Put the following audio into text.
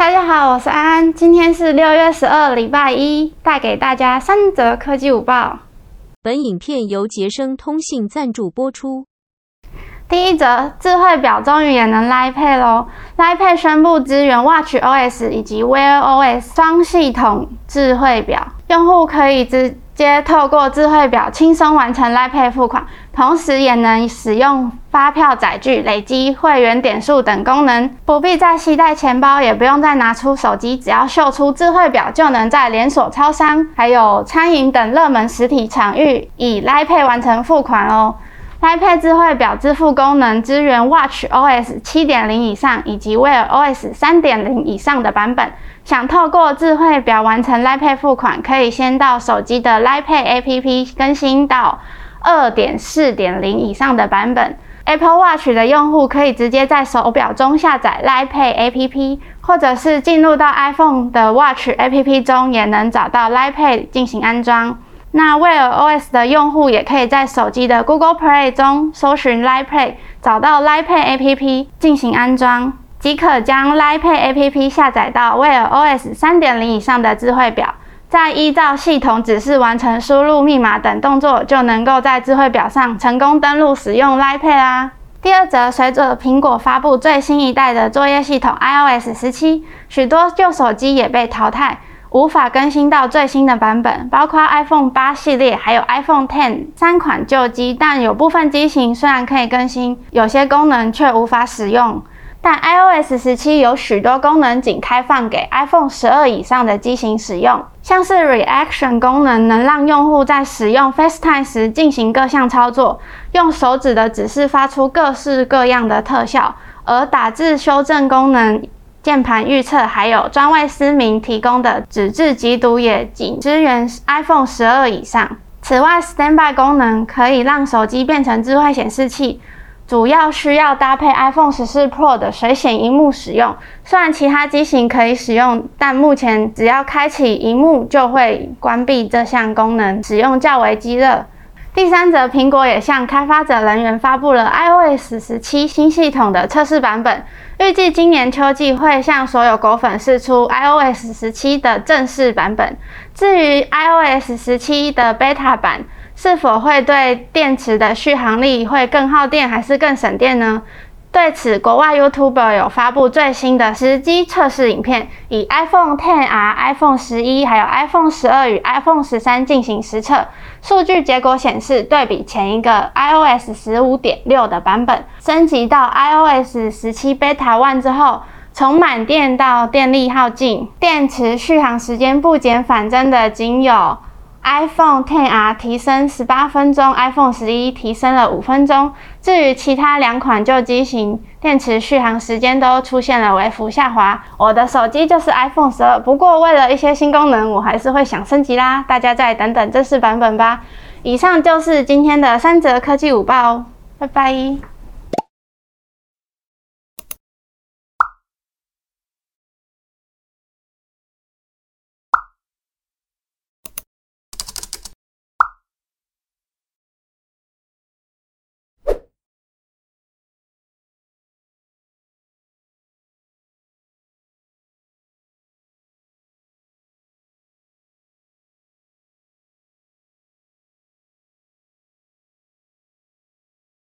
大家好，我是安安，今天是六月十二，禮拜一，帶給大家三則科技午報。本影片由傑昇通信贊助播出。第一則，智慧錶終於也能 LINE Pay 嘍！LINE Pay 宣布支援 Watch OS 以及 Wear OS 雙系統智慧錶，用戶可以支。透過智慧錶輕鬆完成 LINE Pay 付款，同時也能使用發票載具、累積會員點數等功能，不必再攜帶錢包，也不用再拿出手機，只要秀出智慧錶，就能在連鎖超商、還有餐飲等熱門實體場域以 LINE Pay 完成付款哦。LINE Pay 智慧表支付功能支援，Watch OS 七點零以上以及 Wear OS 三點零以上的版本。想透過智慧表完成 LINE Pay 付款，可以先到手機的 LINE Pay APP 更新到二點四點零以上的版本。Apple Watch 的用戶可以直接在手表中下載 LINE Pay APP，或者是進入到 iPhone 的 Watch APP 中也能找到 LINE Pay 進行安裝。那 Wear OS 的用戶也可以在手機的 Google Play 中搜尋 LINE Pay，找到 LINE Pay A P P 進行安裝，即可將 LINE Pay A P P 下載到 Wear OS 3.0以上的智慧錶，再依照系統指示完成輸入密碼等動作，就能夠在智慧錶上成功登錄使用 LINE Pay 啦。第二則，隨着蘋果發布最新一代的作業系統 iOS 17，許多舊手機也被淘汰。無法更新到最新的版本，包括 iPhone 八系列還有 iPhone 10三款舊機，但有部分機型雖然可以更新，有些功能卻無法使用。但 iOS 十七有許多功能僅開放給 iPhone 十二以上的機型使用，像是 Reaction 功能能讓用戶在使用 FaceTime 時進行各項操作，用手指的指示發出各式各樣的特效，而打字修正功能。鍵盤預測還有專為失明提供的紙質即讀，也僅支援 iPhone 十二以上。此外，Standby 功能可以讓手機變成智慧顯示器，主要需要搭配 iPhone 十四 Pro 的水顯熒幕使用。雖然其他機型可以使用，但目前只要開啟熒幕就會關閉這項功能，使用較為雞肋。第三則，蘋果也向開發者人員發布了 iOS 十七新系統的測試版本，預計今年秋季會向所有果粉釋出 iOS 十七的正式版本。至於 iOS 十七的 beta 版是否會對電池的續航力會更耗電，還是更省電呢？對此，國外 YouTuber 有發布最新的實機測試影片，以 R, iPhone XR、iPhone 11、還有 iPhone 12與 iPhone 13進行實測。數據結果顯示，對比前一個 iOS 15.6的版本，升級到 iOS 17 Beta One 之後，從滿電到電力耗盡，電池續航時間不減反增的僅有。iPhone XR 提升十八分鐘，iPhone 十一提升了五分鐘。至於其他兩款舊機型，電池續航時間都出現了微幅下滑。我的手機就是 iPhone 十二，不過為了一些新功能，我還是會想升級啦。大家再等等正式版本吧。以上就是今天的 3C 科技午報，拜拜。